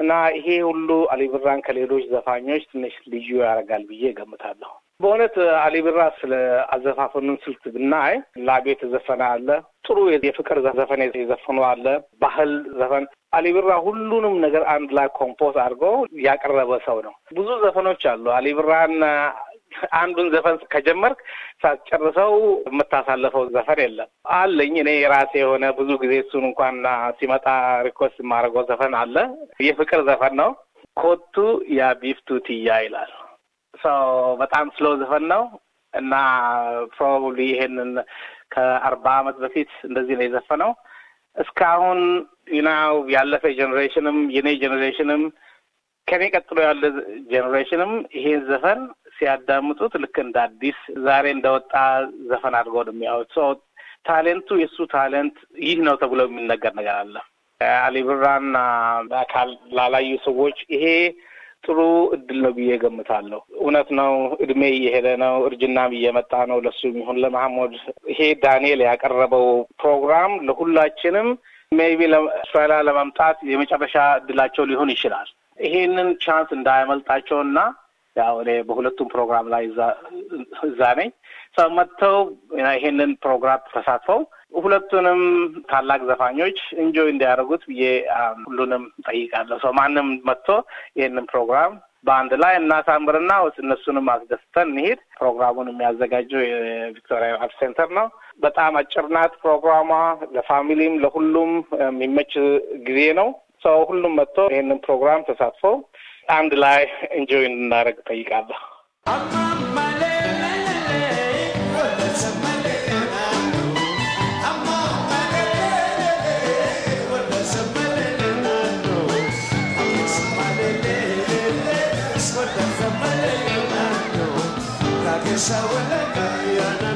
እና ይሄ ሁሉ አሊብራን ከሌሎች ዘፋኞች ትንሽ ልዩ ያደርጋል ብዬ ገምታለሁ። በእውነት አሊ ቢራ ስለ አዘፋፈኑን ስልት ብናይ ላቤ የተዘፈነ አለ፣ ጥሩ የፍቅር ዘፈን የዘፈኑ አለ፣ ባህል ዘፈን። አሊ ቢራ ሁሉንም ነገር አንድ ላይ ኮምፖዝ አድርጎ ያቀረበ ሰው ነው። ብዙ ዘፈኖች አሉ። አሊ ቢራን አንዱን ዘፈን ከጀመርክ ሳትጨርሰው የምታሳለፈው ዘፈን የለም። አለኝ እኔ የራሴ የሆነ ብዙ ጊዜ እሱን እንኳን ሲመጣ ሪኮስት የማደርገው ዘፈን አለ። የፍቅር ዘፈን ነው። ኮቱ ያ ቢፍቱ ትያ ይላል በጣም ስሎ ዘፈን ነው እና ፕሮባብሊ ይሄንን ከአርባ ዓመት በፊት እንደዚህ ነው የዘፈነው። እስካሁን ዩናው ያለፈ ጀኔሬሽንም የኔ ጀኔሬሽንም ከኔ ቀጥሎ ያለ ጀኔሬሽንም ይሄን ዘፈን ሲያዳምጡት ልክ እንደ አዲስ ዛሬ እንደወጣ ዘፈን አድርገው ነው የሚያዩት። ሰው ታሌንቱ የእሱ ታሌንት ይህ ነው ተብሎ የሚነገር ነገር አለ። አሊብራና አካል ላላዩ ሰዎች ይሄ ጥሩ እድል ነው ብዬ ገምታለሁ። እውነት ነው፣ እድሜ እየሄደ ነው፣ እርጅናም እየመጣ ነው። ለሱ የሚሆን ለመሐሙድ ይሄ ዳንኤል ያቀረበው ፕሮግራም ለሁላችንም ሜይቢ ለአውስትራሊያ ለመምጣት የመጨረሻ እድላቸው ሊሆን ይችላል። ይሄንን ቻንስ እንዳያመልጣቸው እና ያው እኔ በሁለቱም ፕሮግራም ላይ እዛ ነኝ ሰው መጥተው ይሄንን ፕሮግራም ተሳትፈው ሁለቱንም ታላቅ ዘፋኞች እንጆይ እንዲያደርጉት ብዬ ሁሉንም ጠይቃለሁ። ሰው ማንም መጥቶ ይህንን ፕሮግራም በአንድ ላይ እናሳምርና እነሱንም አስደስተን እንሄድ። ፕሮግራሙን የሚያዘጋጀው የቪክቶሪያ ባህል ሴንተር ነው። በጣም አጭር ናት ፕሮግራሟ። ለፋሚሊም ለሁሉም የሚመች ጊዜ ነው። ሰው ሁሉም መጥቶ ይህንን ፕሮግራም ተሳትፎ አንድ ላይ እንጆይ እንድናደርግ ጠይቃለሁ። Yes, I will.